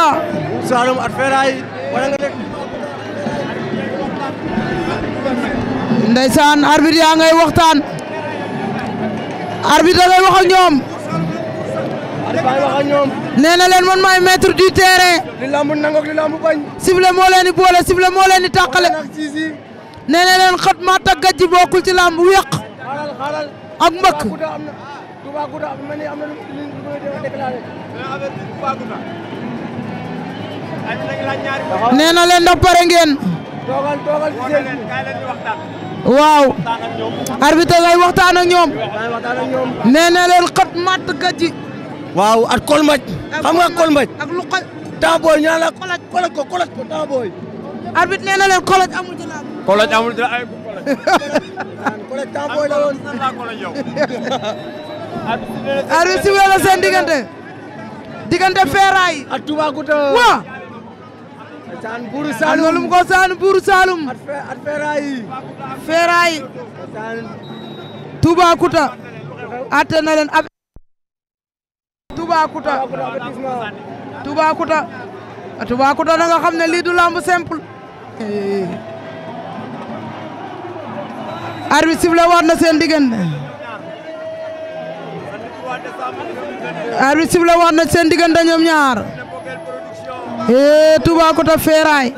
Moussa. Moussa Loum waxtaan Feeraay wala nga dégg. yaa ngay waxtaan. arbitre wax ak na leen man maay maître du terrain. li lamb nangook li lamb di boole sifflet moo leen di leen xat ma tag gàjji bokkul ci lamb weq. ak mbëkk. nee leen da pare ngeen. waaw. arbitre lay waxtaan ak ñoom. nee na leen xat matt ka waaw at kolmaj. xam nga kolmaj. ak taabooy ñaan la kolaj ko kolaj ko taabooy. arbitre nee leen kolaj amul si wéla seen diggante. diggante feeraay. saan buuru Saalum loolu mu ko saan buuru Saalum. at fe at feeraay yi. feeraay. saan. Toubacouta. atte na leen ab. Toubacouta. Toubacouta. Toubacouta na nga xam ne lii du lamb simple. arbitre sifflé waat na seen diggante. arbitre sifflé waat na seen diggante ñoom ñaar. hee Toubacouta Ferraille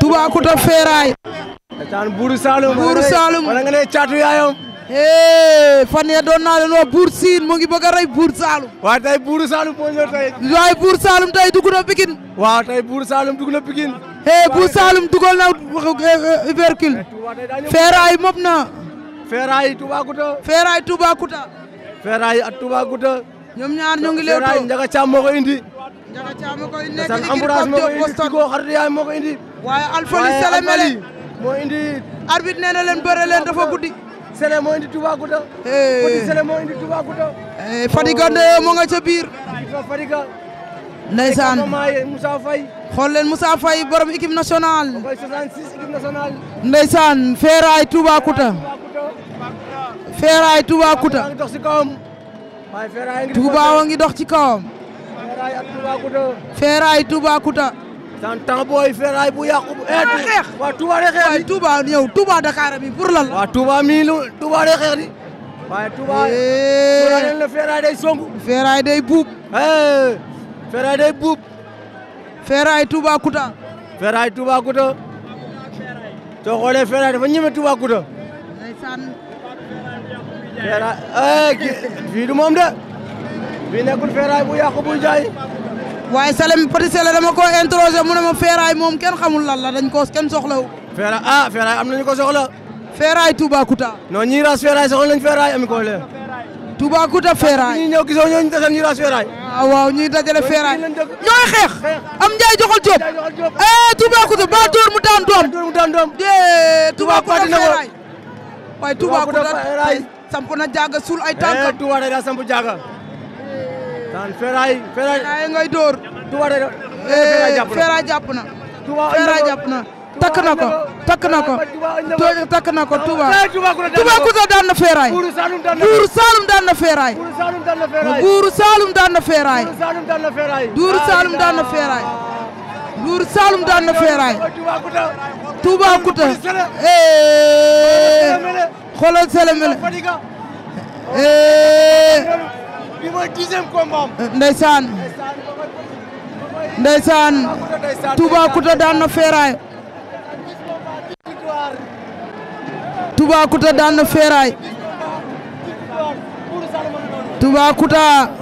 Toubacouta Ferraille buuru Saalum buuru Saalum wala nga doon naa leen wax buur siin mu ngi buuru Saalum waaye buur Saalum tey dugg na Pikine buuru Saalum dugg na Pikine hee buur Saalum dugal na eh, ñoom ñaar ñu ngi lew too Njaga Caam moo ko indi Njaga Caam moo ko indi nekk ci Pap Diop Boston ko xarit yaay moo ko indi waaye Alfali Sele mele moo indi arbitre nee na leen bëre leen dafa guddi Sele moo indi Toubacouta Fadi Sele moo indi Toubacouta Fadiga de oh. moo nga ca biir Fadiga ndeysaan Moussa Faye xool leen Moussa Faye borom équipe nationale 66 équipe nationale ndeysaan Feeraay Toubacouta Feeraay Toubacouta Touba wa ngi dox ci kawam. Feeraay ak Toubacouta. Feeraay Toubacouta. tantan booy Feeraay bu yàqu. xeex waa Touba de xeex bi pour waa Touba mii lu Touba di. waaye Touba. Feeraay la Feeraay buub. Feeraay day buub. Eh, Feeraay Toubacouta. Feeraay Toubacouta. soo xoolee Feeraay dafa ñeme Toubacouta. feeraay ay eh, fii du moom de fii nekkul feeraay bu yàqu bu jaay waaye Salim Petit Sélé dama ko interroger mu ne ma feeraay moom kenn xamul lan la dañ ko kenn soxlaw feeraay ah feeraay am nañu ko soxla feeraay Toubacouta non ñi ras feeraay soxla nañ feeraay am ko le Toubacouta feeraay ñi ñëw gisoo feeraay ah waaw ñuy feeraay ñooy xeex am njaay joxal Diop eh Toubacouta ba door mu daan doom mu daan feeraay waaye Toubacouta feeraay samp na jaaga suul ay eh, tànkam. tuwaare daa samp jaaga. daan feeraay feeraay. feeraay ngay door. tuwaare eh, feeraay jàpp na. feeraay jàpp na. takk na ko takk na ko takk na ko Touba eh, Toubacouta daan na feeraay Buur Saalum daan na feeraay Buur Saalum daan na feeraay Buur Saalum daan na feeraay Buur Saalum daan na feeraay ah, Toubacouta eh xoolal Sélé Mélé eh. bi mooy dixième combat am ndeysaan ndeysaan daan na Ferraille Toubacouta daan na Ferraille Toubacouta